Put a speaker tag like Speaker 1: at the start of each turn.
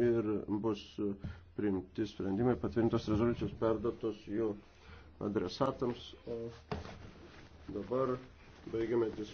Speaker 1: ir bus priimti sprendimai, patvirtintos rezoliucijos perdotos jų adresatams. O dabar baigiame diskusiją.